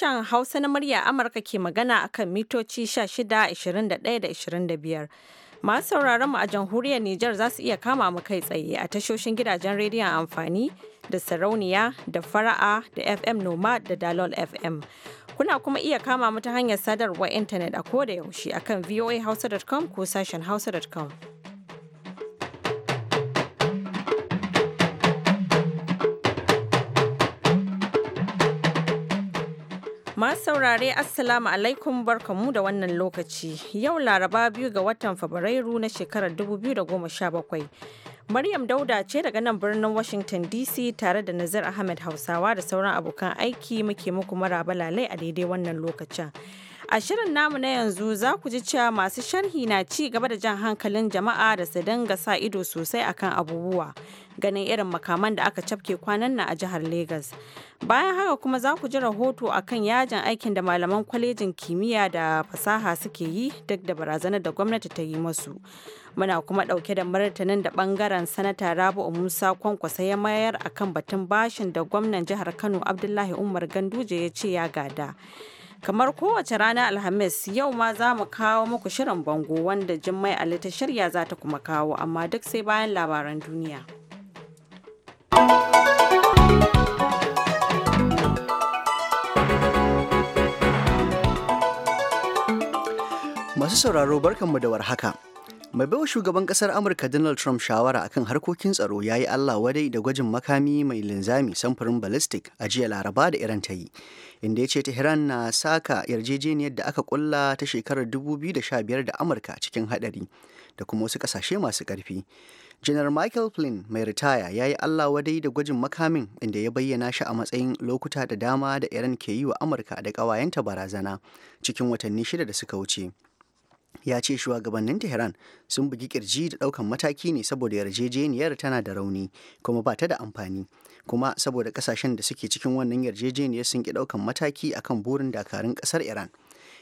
sashen Hausa na murya Amurka ke magana akan mitoci 16, 21 da 25. Masu sauraron mu a jamhuriyar Nijar za su iya kama mu kai tsaye a tashoshin gidajen rediyon amfani da sarauniya da fara'a da FM Noma da Dalol FM. Kuna kuma iya kama mu ta hanyar sadarwar intanet a koda yaushe akan voahausa.com ko sashen hausa.com. Masu saurare Assalamu alaikum barkamu da wannan lokaci. Yau Laraba biyu ga watan Fabrairu na shekarar 2017. Maryam Dauda ce daga nan birnin Washington DC tare da nazar Ahmed Hausawa da sauran abokan aiki muke muku maraba lalai a daidai wannan lokacin. A shirin namu na yanzu za ku ji cewa masu sharhi na ci gaba da jan hankalin jama'a da su dinga sa ido sosai akan abubuwa. ganin irin makaman da aka cafke kwanan nan a jihar Legas. Bayan haka kuma za ku ji rahoto akan yajin aikin da malaman kwalejin kimiyya da fasaha suke yi duk da barazanar da gwamnati ta yi masu. Muna kuma ɗauke da martanin da bangaren sanata Rabu Musa Kwankwasa ya mayar akan batun bashin da gwamnan jihar Kano Abdullahi Umar Ganduje ya ce ya gada. kamar kowace rana alhamis yau ma za mu kawo muku shirin bango wanda Jummai ali ta shirya za ta kuma kawo amma duk sai bayan labaran duniya. Masu sauraro barkanmu da warhaka. Mai baiwa shugaban kasar Amurka Donald Trump shawara akan harkokin tsaro ya yi Allah wadai da gwajin makami mai linzami samfurin ballistic a jiya Laraba da Iran ta yi, inda ya ce Tehran na saka yarjejeniyar da aka kulla ta shekarar 2015 da Amurka cikin hadari da kuma wasu kasashe masu ƙarfi. janar michael flynn mai ritaya ya yi allah wadai da gwajin makamin inda ya bayyana shi a matsayin lokuta da dama da iran ke yi wa amurka da ƙawayenta barazana cikin watanni shida da suka wuce ya ce shugabannin tehran sun bugi kirji da ɗaukan mataki ne saboda yarjejeniyar tana da rauni kuma ba ta da amfani kuma saboda ƙasashen da suke cikin wannan yarjejeniyar sun ki ɗaukan mataki akan burin dakarun ƙasar iran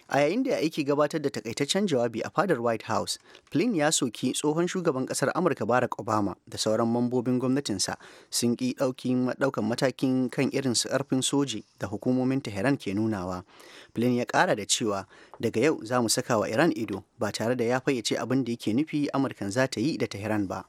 A yayin da aiki gabatar da takaitaccen jawabi a fadar White House, Flynn ya soki tsohon shugaban kasar Amurka Barack Obama da sauran mambobin gwamnatinsa sun ki ɗaukan matakin kan irin su ƙarfin soji da hukumomin Tehran ke nunawa. Flynn ya kara da cewa daga yau za mu saka wa Iran ido ba tare da ya fayyace abin da yake nufi Amurkan za ta yi da Tehran ba.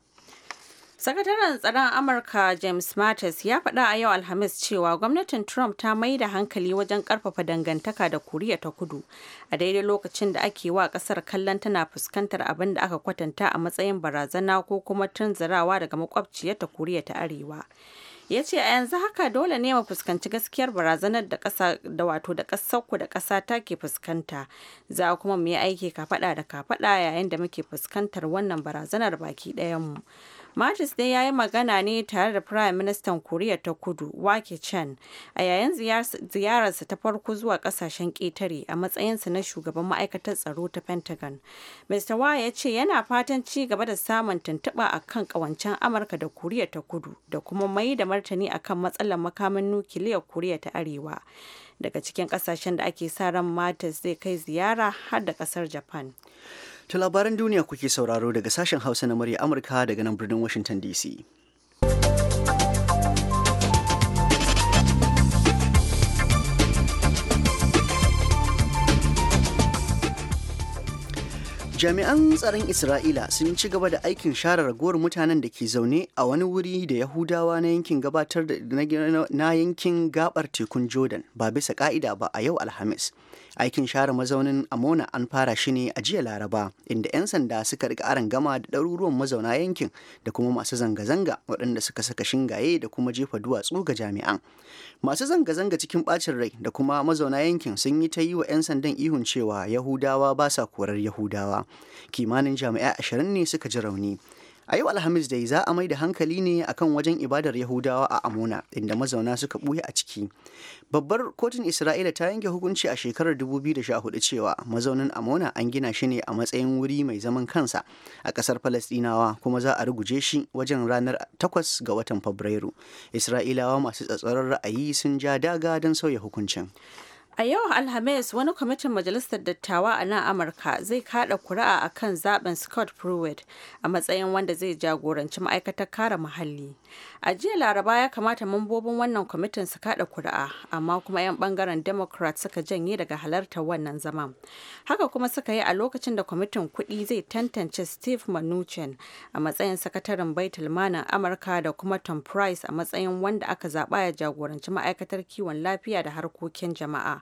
Sakataren tsaron Amurka James Mattis ya faɗa a yau Alhamis cewa gwamnatin Trump ta mai da hankali wajen ƙarfafa dangantaka da Koriya ta Kudu a daidai lokacin da ake wa ƙasar kallon tana fuskantar abin da aka kwatanta a matsayin barazana ko kuma tunzurawa daga ta Koriya ta Arewa. ya ce a yanzu haka dole ne mu fuskanci gaskiyar barazanar da ƙasa da wato da ku da ƙasa ta ke fuskanta za kuma mu yi aiki kafaɗa da kafaɗa yayin da muke fuskantar wannan barazanar baki mu. Mattis dai ya yi magana ne tare da Prime minister Koriya ta Kudu, Wake Chan, a yayin ziyararsa ta farko zuwa kasashen ƙetare a matsayinsa na shugaban ma'aikatar tsaro ta Pentagon. Mr. Wa ya ce yana fatan ci gaba da samun tuntuɓa a kan ƙawancen Amurka da Koriya ta Kudu da kuma mai da martani a kan matsalar makamin nukiliyar Koriya ta Arewa. Daga cikin ƙasashen da ake sa ran Mattis zai kai ziyara har da ƙasar Japan. ta labaran duniya kuke sauraro daga sashen Hausa na murya Amurka daga nan birnin Washington DC. Jami'an tsaron Isra'ila sun ci gaba da aikin share ragowar mutanen da ke zaune a wani wuri da Yahudawa na yankin gabatar da na yankin gabar tekun Jordan ba bisa ka'ida ba a yau Alhamis. aikin share mazaunin amona an fara shi ne a jiya laraba inda 'yan sanda suka rika aran gama da ɗaruruwan mazauna yankin da kuma masu zanga-zanga waɗanda suka saka shingaye da kuma jefa duwatsu ga jami'an masu zanga-zanga cikin ɓacin rai da kuma mazauna yankin sun yi ta yi wa 'yan sandan ihun cewa yahudawa ba sa korar yahudawa kimanin jami'a ashirin ne suka ji rauni A yau Alhamis dai za a mai da hankali ne akan wajen ibadar Yahudawa a Amona inda mazauna suka ɓuya a ciki. Babbar kotun Isra'ila ta yanke hukunci a shekarar 2014 cewa mazaunin Amona an gina shi ne a matsayin wuri mai zaman kansa a ƙasar Falastinawa kuma za a ruguje shi wajen ranar 8 ga watan Fabrairu. Isra'ilawa masu tsatsarar ra'ayi sun ja daga don sauya hukuncin. A yau Alhamis wani kwamitin Majalisar Dattawa a nan Amurka zai kada kuri'a a kan zaben Scott Pruitt a matsayin wanda zai jagoranci ma'aikatar kare muhalli. A jiya Laraba ya kamata mambobin wannan kwamitin su kada kuri'a, amma kuma 'yan bangaren Democrat suka janye daga halartar wannan zaman. Haka kuma suka yi a lokacin da kwamitin kuɗi zai tantance Steve Mnuchin a matsayin sakataren baitul Amurka da kuma Tom Price a matsayin wanda aka zaba ya jagoranci ma'aikatar kiwon lafiya da harkokin jama'a.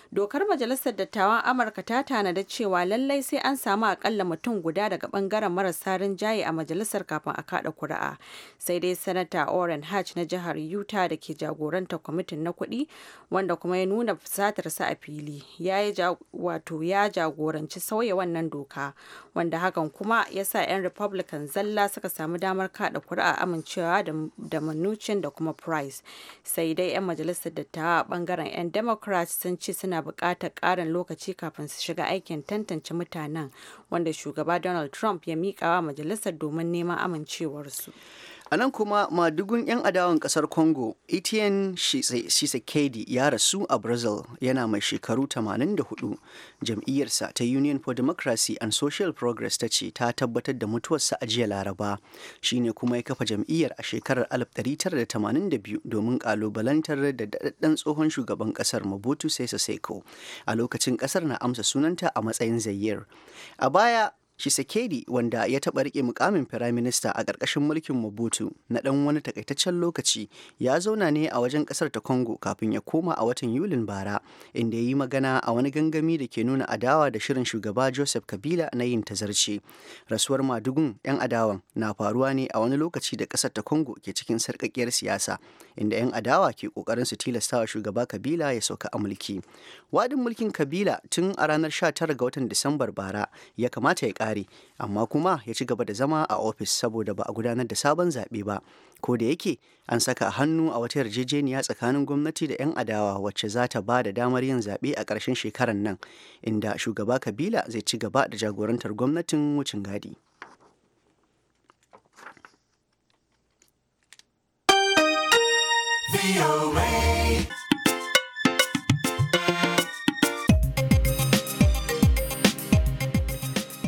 Dokar Majalisar Dattawan Amurka ta tanada cewa lallai sai an samu akalla mutum guda daga bangaren marasa rinjaye a majalisar kafin a kada kuri'a. Sai dai Sanata Orrin Hatch na jihar Utah da ke jagoranta kwamitin na kuɗi wanda kuma ya nuna fusatarsa a fili. Ya yi wato ya jagoranci sauya wannan doka wanda hakan kuma ya sa 'yan Republican zalla suka samu damar kada kuri'a amincewa da manuchin da kuma Price. Sai dai 'yan majalisar dattawa bangaren 'yan Democrats sun ce suna buƙatar ƙarin lokaci kafin su shiga aikin tantance mutanen wanda shugaba Donald Trump ya miƙawa majalisar domin neman amincewarsu. A nan kuma madugun 'yan adawan kasar Congo, Etienne Shisekedi ya rasu a Brazil yana mai shekaru 84. Jam'iyyarsa ta Union for Democracy and Social Progress ta ce ta tabbatar da mutuwarsa a jiya Laraba. Shi ne kuma ya kafa jam'iyyar a shekarar 1982 domin kalubalantar da daɗaɗɗen tsohon shugaban kasar Mobutu Sese Seko. A lokacin kasar na amsa sunanta a matsayin Zayyar. A baya Shisekedi wanda ya taɓa riƙe mukamin firaminista a ƙarƙashin mulkin Mobutu na ɗan wani takaitaccen lokaci ya zauna ne a wajen ƙasar ta Congo kafin ya koma a watan Yulin bara inda ya yi magana a wani gangami da ke nuna adawa da shirin shugaba Joseph Kabila na yin tazarci. Rasuwar Madugun 'yan adawan na faruwa ne a wani lokaci da ƙasar ta Congo ke cikin sarƙaƙiyar siyasa inda 'yan adawa ke ƙoƙarin su tilastawa shugaba Kabila ya sauka a mulki. Wadin mulkin Kabila tun a ranar 19 ga watan Disambar bara ya kamata ya ƙara kare amma kuma ya ci gaba da zama a ofis saboda ba a gudanar da sabon zaɓe ba ko da yake an saka hannu a wata yarjejeniya tsakanin gwamnati da 'yan adawa wacce za ta ba da damar yin zaɓe a ƙarshen shekarar nan inda shugaba kabila zai ci gaba da jagorantar gwamnatin wucin gadi.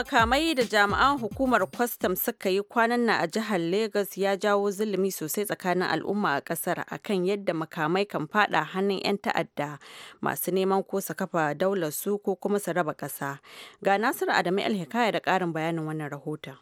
makamai da jami'an hukumar kwastam suka yi kwanan nan a jihar Legas ya jawo zulumi sosai tsakanin al'umma a kasar akan yadda makamai kan fada hannun 'yan ta'adda masu neman ko su kafa daular su ko kuma su raba kasa. Ga Nasiru Adamu Alhikaya da ƙarin bayanin wannan rahoton.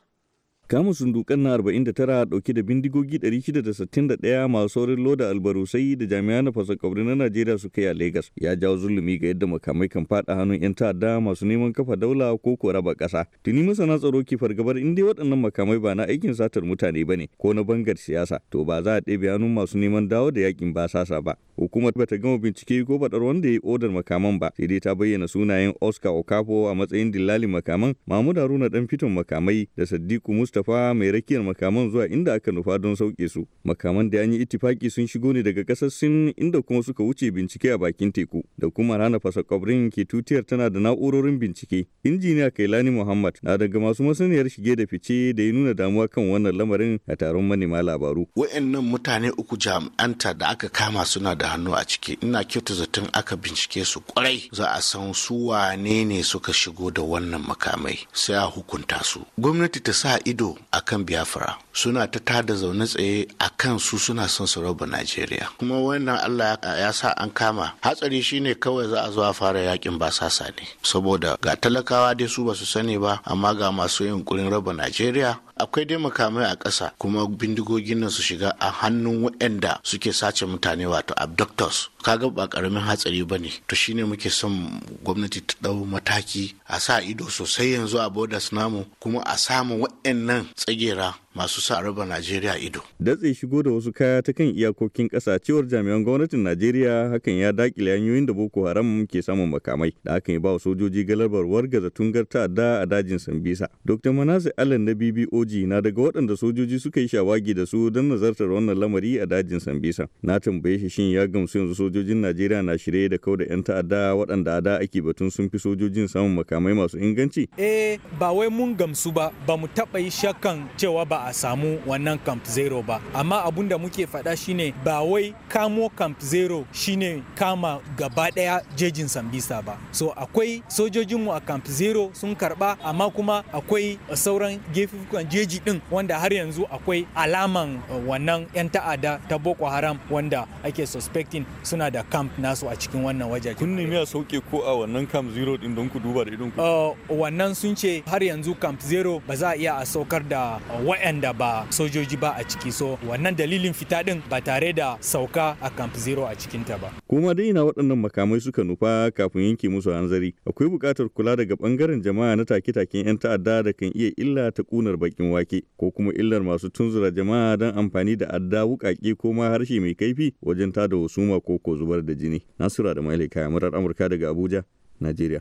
kamun sundukan na 49 dauke da bindigogi 661 masu saurin loda albarusai da jami'an na fasakwauri na najeriya suka yi a lagos ya jawo zulumi ga yadda makamai kan fada hannun 'yan ta'adda masu neman kafa daula ko ko raba kasa tuni masana tsaro ke fargabar in dai waɗannan makamai ba na aikin satar mutane ba ne ko na bangar siyasa to ba za a ɗebe hannun masu neman dawo da yakin basasa ba Hukumar ta gama bincike ko faɗar wanda ya yi odar makaman ba, sai dai ta bayyana sunayen Oscar Okapo a matsayin dillalin makaman, Mahmud Haruna dan fiton makamai da Sadiku Mustapha mai rakiyar makaman zuwa inda aka nufa don sauke su. Makaman da an yi ittifaki sun shigo ne daga ƙasar Sin inda kuma suka wuce bincike a bakin teku da kuma rana fasa kwabrin ke tutiyar tana da na'urorin bincike. Injiniya Kailani Muhammad na daga masu masaniyar shige da fice da ya nuna damuwa kan wannan lamarin a taron manema labaru. Wa'annan mutane uku jami'anta da aka kama suna da hannu a ciki ina kyauta zaton aka bincike su kwarai za a san su wane ne suka shigo da wannan makamai sai a hukunta su gwamnati ta sa ido a kan biafra suna ta tada zaune tsaye a kan su suna son su raba najeriya kuma wannan allah ya sa an kama hatsari shine kawai za a zo a fara yakin basasa ne saboda ga talakawa dai su ba su sani ba amma ga masu yunƙurin raba najeriya akwai dai makamai a ƙasa kuma bindigogin nan su shiga a hannun waɗanda suke sace mutane wato abductors kaga ba karamin hatsari ba ne to shine muke son gwamnati ta ɗau mataki a sa ido sosai yanzu a bodas namu kuma a samu waɗannan tsagera masu sa raba Najeriya ido. Datse shigo da wasu kaya ta kan iyakokin ƙasa cewar jami'an gwamnatin Najeriya hakan ya dakile hanyoyin da Boko Haram ke samun makamai da hakan ya ba wa sojoji galabar wargaza tungar ta'adda a dajin Sambisa. Dr. Manasi Allen na BBOG na daga waɗanda sojoji suka yi shawagi da su don nazartar wannan lamari a dajin Sambisa. Na tambaye shi shin ya gamsu yanzu sojojin Najeriya na shirye da da 'yan ta'adda waɗanda a da ake batun sun fi sojojin samun makamai masu inganci? Eh ba wai mun gamsu ba ba mu taɓa yi shakkan cewa ba a a samu wannan camp zero ba amma abun da muke faɗa shine ba wai kamo camp zero shine kama gaba ɗaya jejin sambisa ba so akwai sojojinmu a camp zero sun karba amma kuma akwai sauran gefukan jeji din wanda har yanzu akwai alaman uh, wannan 'yan ta'ada ta boko haram wanda ake suspecting suna da camp nasu a cikin wannan wajen. kun nemi a sauke ko a wannan camp zero din don ku duba da idon ku uh, wannan sun ce har yanzu camp zero ba za a iya a saukar da uh, waɗanda ba sojoji ba a ciki so wannan dalilin fita din ba tare da sauka a camp zero a cikinta ba kuma dai na waɗannan makamai suka nufa kafin yanke musu hanzari akwai buƙatar kula daga ɓangaren jama'a na take-taken 'yan ta'adda da kan iya illa ta ƙunar baƙin wake ko kuma illar masu tunzura jama'a don amfani da adda wuƙaƙe ko ma harshe mai kaifi wajen tada husuma ko ko zubar da jini nasura da mailai kayan murar amurka daga abuja najeriya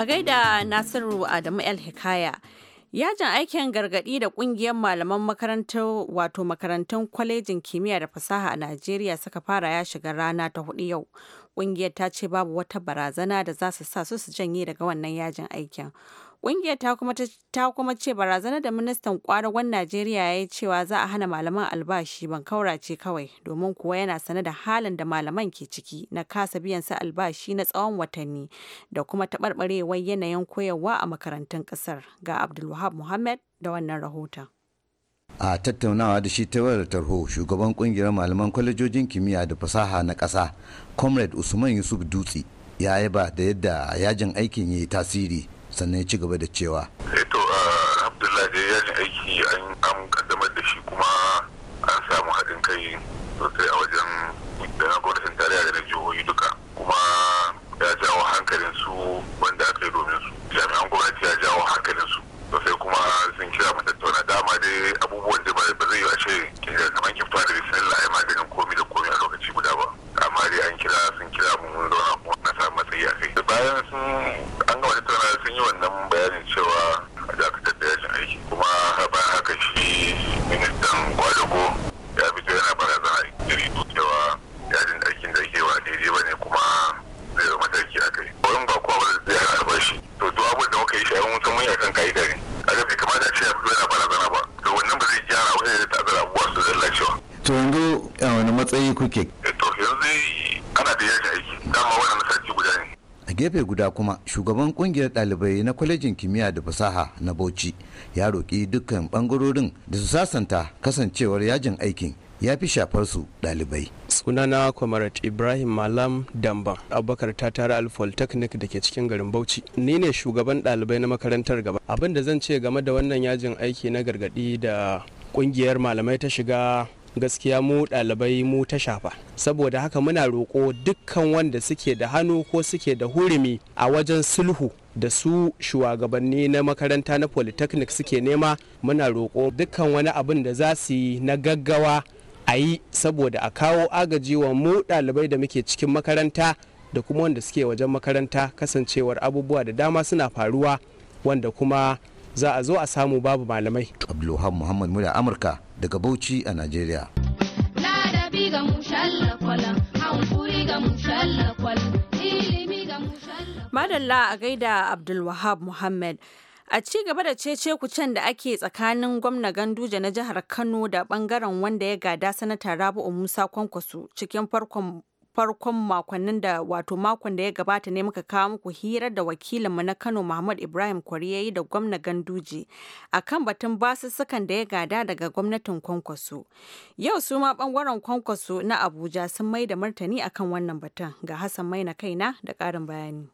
A gaida Nasiru Adamu El Hikaya. Yajin aikin gargadi da kungiyar malaman makarantar wato makarantun kwalejin kimiyya da fasaha a Najeriya suka fara ya shiga rana ta hudu yau. kungiyar ta ce babu wata barazana da za su sa su su janye daga wannan yajin aikin. Ƙungiyar ta kuma ce barazanar da ministan kwadagon Najeriya ya yi cewa za a hana malaman albashi ban kaura ce kawai domin kuwa yana sane da halin da malaman ke ciki na kasa biyan su albashi na tsawon watanni da kuma taɓarɓarewar yanayin koyarwa a makarantun ƙasar ga Abdulwahab Muhammad da wannan rahoton. a tattaunawa da shi ta wayar tarho shugaban kungiyar malaman kwalejojin kimiyya da fasaha na ƙasa comrade usman yusuf dutse ya yaba da yadda yajin aikin ya yi tasiri sannan ya ci gaba da cewa eh to alhamdulillah da ya ji aiki an kaddamar da shi kuma an samu haɗin kai sosai a wajen da na gwamnatin tarayya da na jihohi duka kuma ya jawo hankalin su wanda aka yi domin su jami'an gwamnati ya jawo hankalin su sosai kuma sun kira mu tattauna dama dai abubuwan da ba zai yi a ce kamar kifta da bisanin la'ayi maganin komi gefe guda kuma shugaban kungiyar dalibai na kwalejin kimiyya da fasaha na bauchi ya roƙi dukkan bangarorin da su sasanta kasancewar yajin aikin ya fi shafar su ɗalibai sunana kwamarat ibrahim malam damban abubakar ta tara technic da ke cikin garin bauchi ni ne shugaban dalibai na makarantar gaba abin da zan ce game da wannan yajin aiki na gargadi da kungiyar malamai ta shiga gaskiya mu ɗalibai mu ta shafa saboda haka muna roko dukkan wanda suke da hannu ko suke da hurumi a wajen sulhu da su shugabanni na makaranta na polytechnic suke nema muna roko dukkan wani abin da za su yi na gaggawa a yi saboda a kawo agaji wa mu ɗalibai da muke cikin makaranta da kuma wanda suke wajen makaranta kasancewar abubuwa da dama suna faruwa wanda kuma za a zo a samu babu malamai abdulluhan muhammad murya amurka daga bauchi a Najeriya. madalla a gaida abdulwahab muhammad a ci gaba da cece kucen da ake tsakanin gwamna ganduje na jihar kano da bangaren wanda ya gada sanata rabu'u musa kwankwaso cikin farkon farkon makonnin da wato makon da ya gabata ne muka kawo muku hira da wakilinmu na Kano Muhammad Ibrahim Kwariyayi da gwamna Ganduje akan batun basussukan da ya gada daga gwamnatin Kwankwaso. Yau su ma bangaren Kwankwaso na Abuja sun mai da martani akan wannan batun ga Hassan Maina kaina da ƙarin bayani.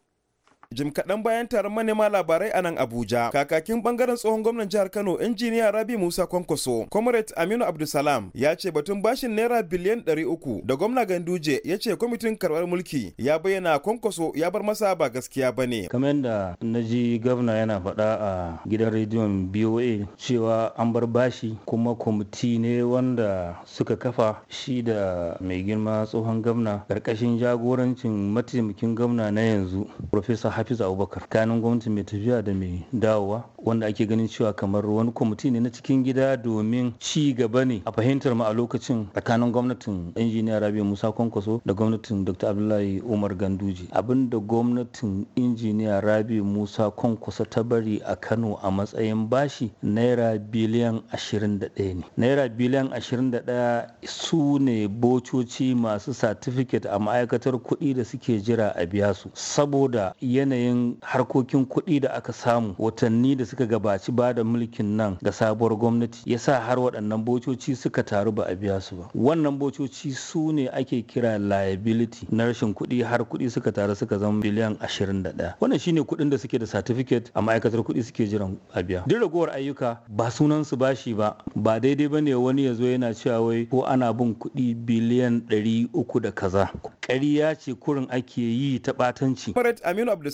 jim kaɗan bayan taron manema labarai a nan abuja kakakin bangaren tsohon gwamnan jihar kano injiniya rabi musa kwankwaso comrade aminu abdulsalam ya ce batun bashin naira biliyan ɗari uku da gwamna ganduje ya ce kwamitin karɓar mulki ya bayyana kwankwaso ya bar masa ba gaskiya ba ne kamar yadda na ji gwamna yana faɗa a gidan rediyon boa cewa an bar bashi kuma kwamiti ne wanda suka kafa shi da mai girma tsohon gwamna ƙarƙashin jagorancin mataimakin gwamna na yanzu professor hafiz abubakar kanin gwamnati mai tafiya da mai dawowa wanda ake ganin cewa kamar wani kwamiti ne na cikin gida domin ci gaba ne a fahimtar mu a lokacin tsakanin gwamnatin injiniya rabi musa kwankwaso da gwamnatin dr abdullahi umar ganduji abinda gwamnatin injiniya rabi musa kwankwaso ta bari a kano a matsayin bashi naira biliyan 21 ne naira biliyan 21 su ne bococi masu satifiket a ma'aikatar kuɗi da suke jira a biya su saboda yanayin harkokin kuɗi da aka samu watanni da suka gabaci ba da mulkin nan ga sabuwar gwamnati ya sa har waɗannan bococi suka taru ba a biya su ba wannan bococi su ne ake kira liability na rashin kuɗi har kuɗi suka taru suka zama biliyan ashirin da ɗaya, wannan shine kuɗin da suke da certificate a ma'aikatar kuɗi suke jiran a biya duk ragowar ayyuka ba sunan su bashi ba ba daidai ba ne wani ya zo yana cewa wai ko ana bin kuɗi biliyan ɗari uku da kaza ƙarya ce kurin ake yi ta ɓatanci.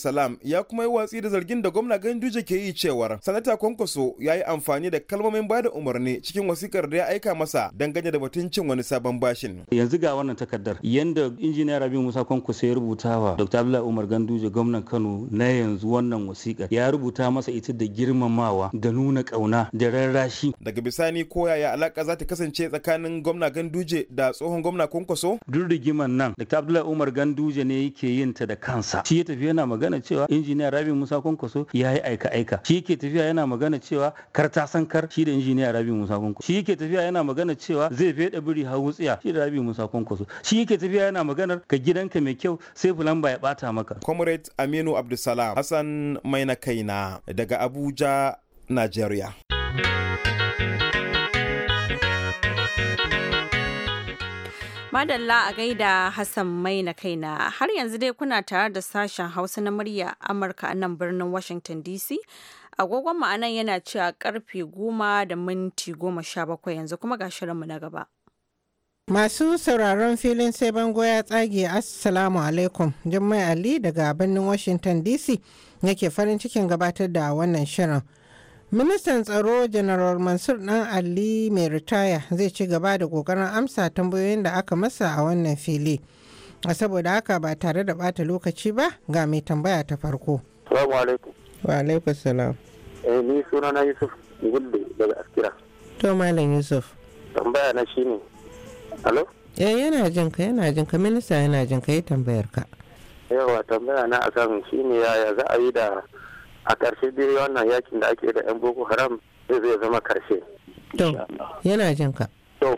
salam ya kuma yi watsi da zargin da gwamna ganduje ke yi cewar sanata kwankwaso ya yi amfani da kalmomin bada umarni cikin wasikar da ya aika masa dangane da batun wani sabon bashin yanzu ga wannan takardar yanda injiniya rabi musa kwankwaso ya rubuta wa dr abdullahi umar ganduje gwamnan kano na yanzu wannan wasikar ya rubuta masa ita da girmamawa da nuna kauna da rarrashi daga bisani ko yaya alaka za ta kasance tsakanin gwamna ganduje da tsohon gwamna kwankwaso duk rigiman nan dr abdullahi umar ganduje ne yake yin ta da kansa shi ya tafi yana magana magana cewa injiniya rabi musa kwankwaso ya yi aika aika shi ke tafiya yana magana cewa kar ta san kar shi da injiniya rabi musa kwankwaso shi ke tafiya yana magana cewa zai fede biri hau tsiya shi da rabi musa kwankwaso shi ke tafiya yana maganar ka gidanka mai kyau sai ba ya bata maka comrade aminu abdulsalam hassan maina kaina daga abuja nigeria Madalla a gaida Hassan mai na kaina har yanzu dai kuna tare da sashen Hausa na murya Amurka a nan birnin Washington DC. Agogon ma'anan yana cewa karfe goma da minti goma sha bakwai yanzu kuma ga shirinmu na gaba. Masu sauraron filin sai bango ya tsage Assalamu alaikum Jummai Ali daga birnin Washington DC yake farin cikin gabatar da wannan shirin. ministan tsaro general mansur dan ali mai ritaya zai ci gaba da kokarin amsa tambayoyin da aka masa a wannan fili a saboda haka ba tare da bata lokaci ba ga mai tambaya ta farko salamu alaikum wa alaikum salam eh ni suna na yusuf gudu daga askira to malam yusuf tambaya na shine alo eh yana jinka yana jinka minista yana jinka yi tambayar ka yawa tambaya na akan shine yaya za a yi da a ƙarshe dai wannan yakin da ake da 'yan boko haram zai zai zama ƙarshe. to yana jin ka to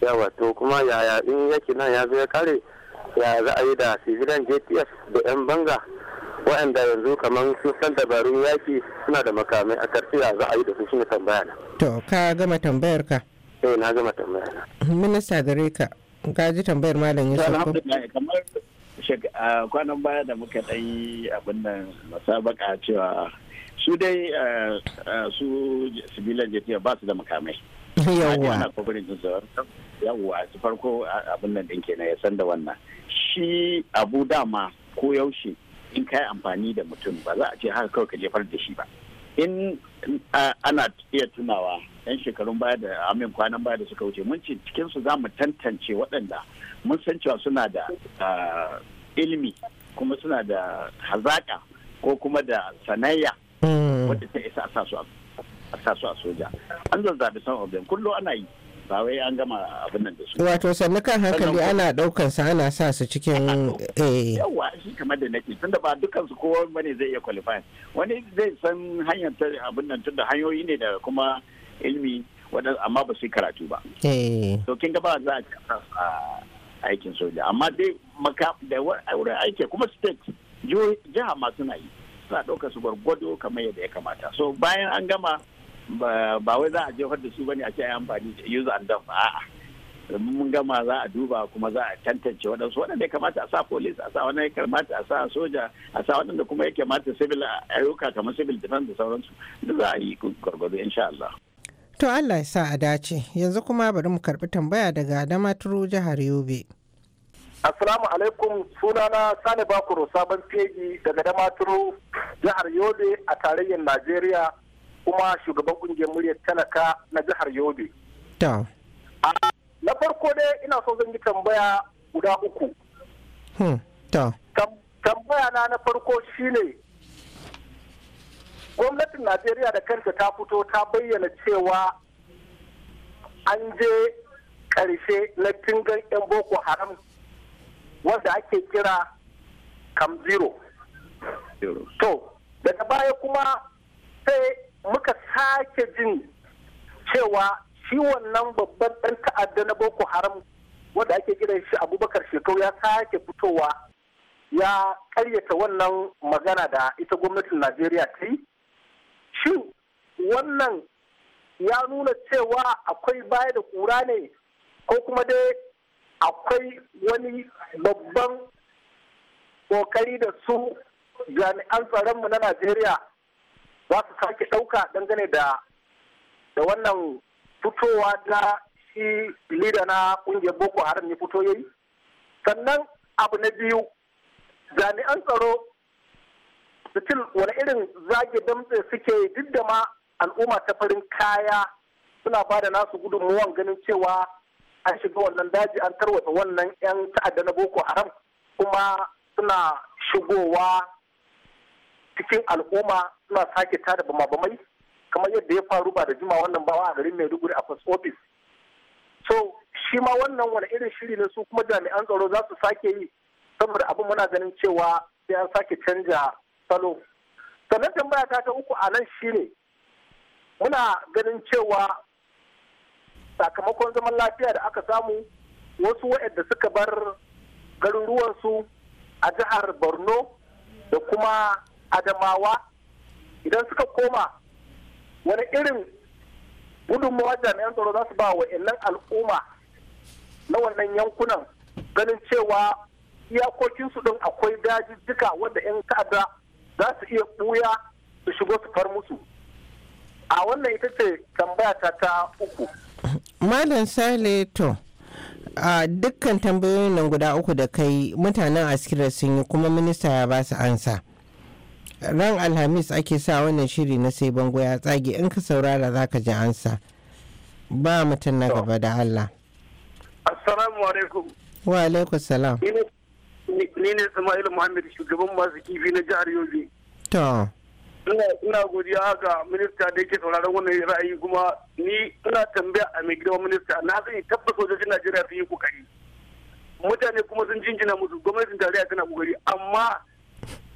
yawa to kuma yaya in yakin nan ya zo ya kare ya za a yi da civilian jts da 'yan banga waɗanda yanzu kamar sun san dabarun yaki suna da makamai a ƙarshe ya za a yi da su shine tambaya na to ka gama tambayar ka eh na gama tambayar na minista gare ka ka ji tambayar malam yusuf sauko kwanan baya da muka ɗan yi abin nan musabaka cewa su dai su sibilan jetiya ba su da makamai yawwa yawwa su farko abin nan ɗin kenan ya san da wannan shi abu dama ko yaushe in ka yi amfani da mutum ba za a ce haka kawai ka jefar da shi ba in ana iya tunawa yan shekarun baya da amin kwanan baya da suka wuce mun ce cikinsu za mu tantance waɗanda mun san cewa suna da ilimi kuma suna da hazaƙa ko kuma da sanayya hmm. wadda ta isa a sa su a soja an zazzabi san obin kullum ana yi ba wai an gama abin nan da su wato sannu kan hankali ana daukan sa ana sa su cikin eh. yawa shi kamar da nake tunda ba dukkan su kowa bane zai iya qualify wani zai san hanyar ta abin nan tunda hanyoyi ne da kuma ilimi wadanda amma ba su karatu ba eh. to kin ga ba za a aikin soja amma dai da wurin aiki kuma state jiha masu na yi suna ɗauka su gwargwado kamar yadda ya kamata so bayan an gama ba wai za a jefar da su bane a ce an amfani da use and dump a'a mun gama za a duba kuma za a tantance waɗansu waɗanda ya kamata a sa police a sa wani ya kamata a sa soja a sa waɗanda kuma ya kamata civil ayyuka kamar civil defense da sauransu da za a yi gwargwado insha Allah. To Allah ya sa a dace yanzu kuma bari mu karɓi tambaya daga Turu jihar Yobe. Assalamu alaikum sunana Sani Bakuru sabon fegi daga Damaturu jihar Yobe a tarayyar Najeriya kuma shugaban kungiyar muryar talaka na jihar Yobe. Na farko dai ina so zan yi tambaya guda uku. Hmm, tambaya na na farko shine gwamnatin najeriya da kanta ta fito ta bayyana cewa an je karshe na tingan 'yan boko haram wanda ake kira kam zero to daga baya kuma sai muka sake jin cewa shi wannan babban ɗan ta'adda na boko haram wanda ake kiran shi abubakar shekau ya sake fitowa ya karyata wannan magana da ita gwamnatin najeriya ta yi shin wannan ya nuna cewa akwai baya da kura ne ko kuma dai akwai wani babban kokari da su jami'an tsaronmu na najeriya za su sake ɗauka dangane da da wannan fitowa ta shi lida na ƙungiyar boko haram ya fito yayi sannan abu na biyu jami'an tsaro sitil wani irin zage damtse suke duk da ma al'umma ta farin kaya suna ba da nasu gudunmuwan ganin cewa an shiga wannan daji an tarwata wannan 'yan ta'adda na boko haram kuma suna shigowa cikin al'umma suna sake tada bama-bamai kamar yadda ya faru ba da juma wannan bawa a garin maiduguri a post office so shi ma wannan wani irin shiri ne su kuma jami'an tsaro za su sake yi saboda abin muna ganin cewa sai an sake canja salo sannan tambaya ta ta uku a nan shine muna ganin cewa sakamakon zaman lafiya da aka samu wasu waɗanda suka bar garuruwansu a jihar borno da kuma adamawa idan suka koma wani irin gudunmawa jami'an tsaro za su ba wa al'umma na wannan yankunan ganin cewa iyakokinsu ɗin akwai dajijjika wanda 'yan ta'adda za su iya buya su shigo su far musu a wannan ita ce tambaya ta ta uku malam sale to a dukkan tambayoyin nan guda uku da kai mutanen askira sun yi kuma minista ya ba su ansa ran alhamis ake sa wannan shiri na sai bango ya tsage in ka saurara za ka ji ansa ba mutum na gaba da allah assalamu alaikum wa alaikum salam ni ne Ismail Muhammad shugaban masu kifi na jihar Yobe. Ta. Ina godiya haka minista da yake sauraron wannan ra'ayi kuma ni ina tambaya a mai gidan minista na sani tabbas sojojin Najeriya sun yi kokari. Mutane kuma sun jinjina musu gwamnatin tarayya tana kokari amma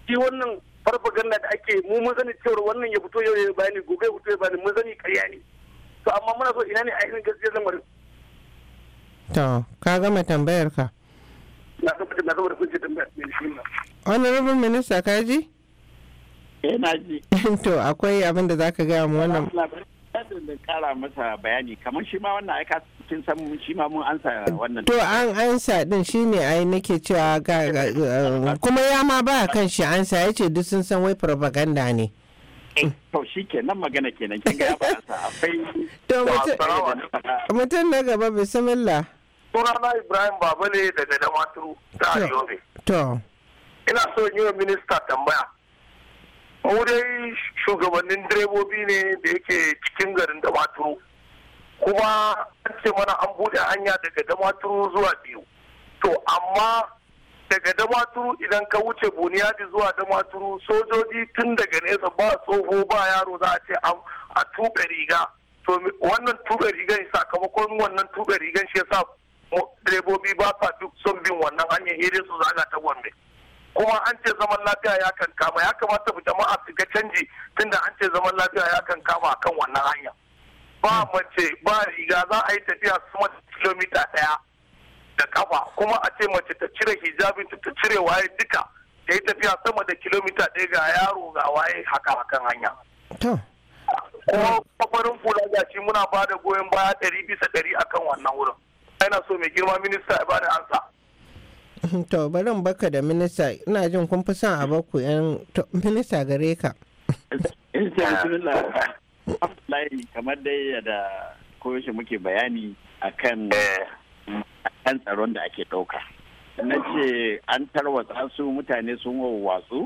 shi wannan farfaganda da ake mu mun sani cewa wannan ya fito yau ya bani gobe ya fito ya bani mun sani karya ne. To amma muna so ina ne ainihin gaskiyar lamarin. To ka gama tambayar ka. na kafa minista ka ji? tambaya ne shi ma eh na ji to akwai abin da ka gaya mu wannan da kara masa bayani kamar shi ma wannan aika kin san shi ma mun ansa wannan to an ansa din shine ai nake cewa ga kuma ya ma ba kan shi ansa yace duk sun san wai propaganda ne eh, to shi nan magana kenan kin ga ba ansa akwai to mutum na gaba bismillah sunana ibrahim ne daga damaturu ta yobe to ina so yi wa minista tambaya mu dai shugabannin direbobi ne da yake cikin garin damaturu kuma an ce mana an bude hanya daga damaturu zuwa biyu to amma daga damaturu idan ka wuce buniyadi zuwa damaturu sojoji tun daga nesa ba tsoho ba yaro za a ce a tuɓe riga to wannan tuɓe rigan sakamakon wannan tuɓe rigan shi sa direbobi ba sa duk son bin wannan hanyar hiri su zaga ta gombe kuma an ce zaman lafiya ya kan kama ya kamata mu jama'a su ga canji tunda an ce zaman lafiya ya kan kama akan wannan hanya ba mace ba riga za a yi tafiya sama kilomita daya da kafa kuma a ce mace ta cire hijabin ta cire waye duka ta yi tafiya sama da kilomita daya ga yaro ga waye haka akan hanya. Kuma kwakwarin kula ga shi muna bada goyon baya ɗari bisa ɗari akan wannan wurin. ina so mai girma minista ya bani ansa uhm, to bari baka da minista ina jin kun fi son a baku yan minista gare ka kamar dai da koyaushe muke bayani akan kan tsaron da ake ɗauka. Na ce an tarwatsa su mutane sun wawwatsu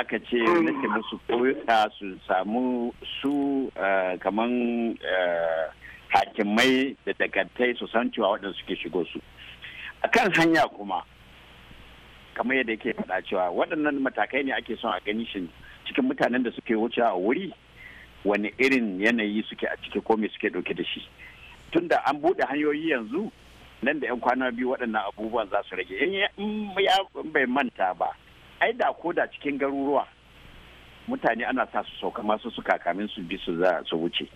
aka ce na ce musu koyuka su samu su eh, kaman eh, hakimai da dagantai su san cewa waɗanda suke shigo su a kan hanya kuma kamar yadda yake faɗa cewa waɗannan matakai ne ake son a gani shi cikin mutanen da suke wuce a wuri wani irin yanayi suke a ciki ko me suke ɗauke da shi tunda an buɗe hanyoyi yanzu nan da 'yan kwana biyu waɗannan abubuwan za su rage in ya bai manta ba ai da ko da cikin garuruwa mutane ana sa su sauka masu suka kamin su bi su za su wuce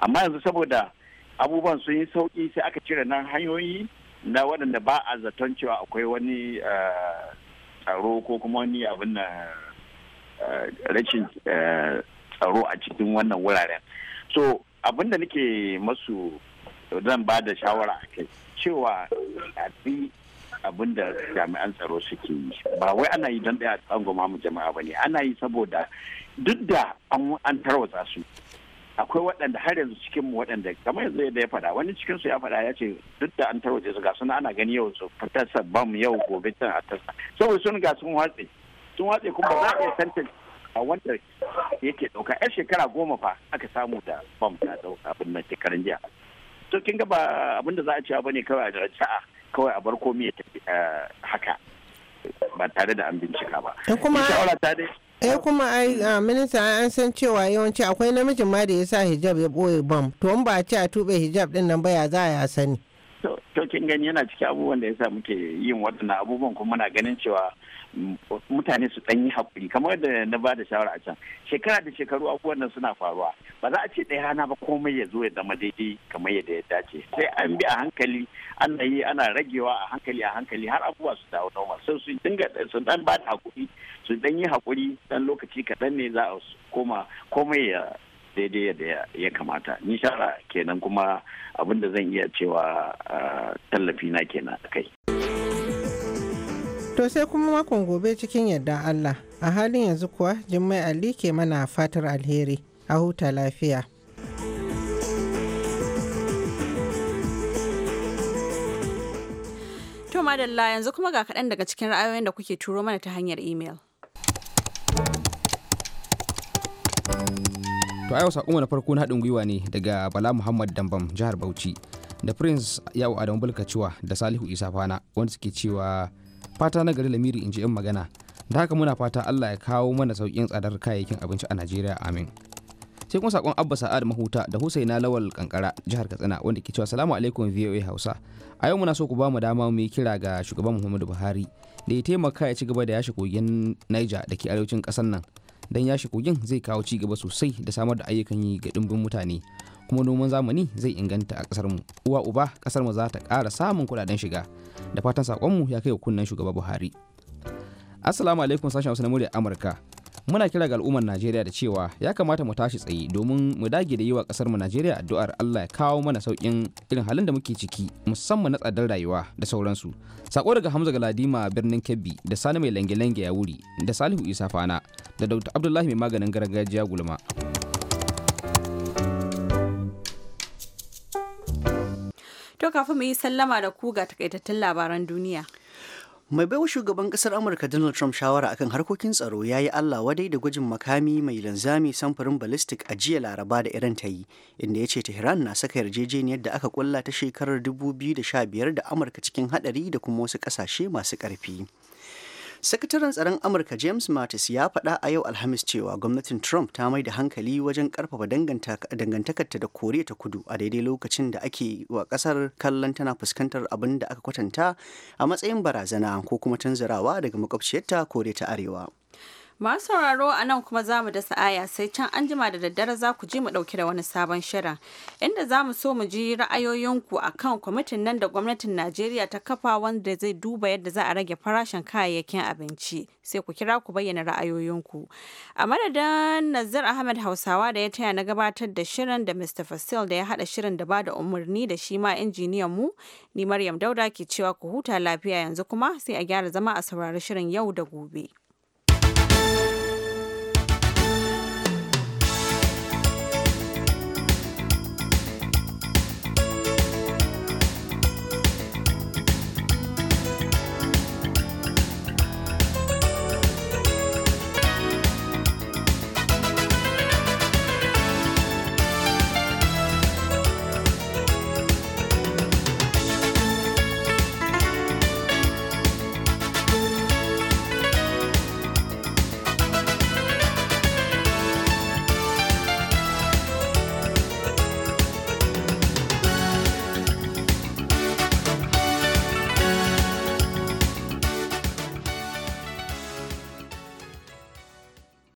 amma yanzu saboda abubuwan sun yi sauki sai aka cire nan hanyoyi na waɗanda ba a zaton cewa akwai wani eh, tsaro ko kuma wani abin na eh, rashin eh, tsaro a cikin wannan wuraren so abin da nake masu zan ba da shawara a kai cewa a abin da jami'an tsaro suke yi ba wai ana yi don ɗaya tsangoma mu jama'a ba ne ana yi saboda duk da an tarwatsa su akwai waɗanda har yanzu cikin mu waɗanda kamar yanzu yadda ya faɗa wani cikin su ya faɗa ya ce duk da an tarwaje su ga suna ana gani yau su ba mu yau gobe can a tasa saboda sun ga sun watse sun watse kuma za a iya tantance a wanda yake ɗauka yar shekara goma fa aka samu da bam ta ɗauka abin nan shekarun jiya to kin ga ba abin da za a cewa bane kawai a sa'a kawai a bar komai ya tafi eh, haka ba tare da an bincika ba. Da eh kuma ai mm. a ah, minista an san cewa yawanci akwai namijin ma da ya sa hijab ya boye bam to in ba a ce a tube hijab din nan ba ya za ya sani to kin gani yana cikin abubuwan da ya sa muke yin waɗannan abubuwan kuma muna ganin cewa mutane su ɗanyi haƙuri kamar da na ba da shawara a can shekara da shekaru abubuwan nan suna faruwa ba za a ce ɗaya rana ba komai ya zo ya zama daidai kamar yadda ya dace sai an bi a hankali ana yi ana ragewa a hankali a hankali har abubuwa su dawo noma sai su dinga su dan ba da haƙuri su ɗanyi yi haƙuri dan lokaci kaɗan ne za a koma komai ya daidai yadda ya kamata ni shara kenan kuma abin da zan iya cewa ah, tallafi na kenan kai. To sai kuma makon gobe cikin yardan Allah. A halin yanzu kuwa Jummai Ali ke mana fatar alheri. A huta lafiya. To madalla yanzu kuma ga kaɗan daga cikin ra'ayoyin da kuke turo mana ta hanyar imel. To a yau na farko na haɗin gwiwa ne daga Bala Muhammad Dambam jihar Bauchi da Prince Yawo Adamu Bulkaciwa da Salihu Isa Fana wanda suke cewa fata na gari lamiri in ji yan magana da haka muna fata allah ya kawo mana sauƙin tsadar kayayyakin abinci a najeriya amin sai kuma sakon abba sa'ad mahuta da husaina lawal kankara jihar katsina wanda ke cewa salamu alaikum voa hausa a yau muna so ku ba mu dama mu yi kira ga shugaban muhammadu buhari da ya taimaka ya ci gaba da yashi kogin niger da ke arewacin kasar nan dan yashe kogin zai kawo ci gaba sosai da samar da ayyukan yi ga dimbin mutane kuma noman zamani zai inganta a kasar mu uwa uba kasar mu za ta ƙara samun kuɗaɗen shiga da fatan sakonmu ya kai kunnen shugaba Buhari Assalamu alaikum sashen wasu na murya Amurka muna kira ga al'ummar Najeriya da cewa ya kamata mu tashi tsaye domin mu dage da yi wa kasar mu Najeriya addu'ar Allah ya kawo mana saukin irin halin da muke ciki musamman na tsadar rayuwa da sauransu sako daga Hamza Galadima birnin Kebbi da Sani mai lange-lange ya wuri da Salihu Isa Fana da Dr. Abdullahi mai maganin gargajiya Gulma To kafin mu yi sallama da ku ga takaitattun labaran duniya. mai baiwa shugaban kasar amurka donald trump shawara akan harkokin tsaro ya yi allah wadai da gwajin makami mai linzami samfurin ballistic a jiya laraba da iran ta yi inda ya ce tehran na saka yarjejeniyar da aka kulla ta shekarar 2015 da amurka cikin hadari da kuma wasu kasashe masu karfi Sakataren tsaron Amurka James Mattis ya faɗa a yau Alhamis cewa gwamnatin Trump ta mai da hankali wajen karfafa dangantakarta da Koriya ta Kudu a daidai lokacin da ake wa ƙasar kallon tana fuskantar abin da aka kwatanta a matsayin barazana ko kuma tanzarawa daga makwabciyarta Koriya ta Arewa. Masu sauraro a nan kuma za mu dasa aya sai can anjima da daddare za ku ji mu ɗauki da wani sabon shirin. Inda za mu so mu ji ra'ayoyinku a kan kwamitin nan da gwamnatin Najeriya ta kafa wanda zai duba yadda za a rage farashin kayayyakin abinci. Sai ku kira ku bayyana ra'ayoyinku. A madadin Nazir Ahmed Hausawa da ya taya na gabatar da shirin da Mr. Fasil da ya haɗa shirin da bada umarni da shi ma injiniyan mu. Ni Maryam Dauda ke cewa ku huta lafiya yanzu kuma sai a gyara zama a saurari shirin yau da gobe.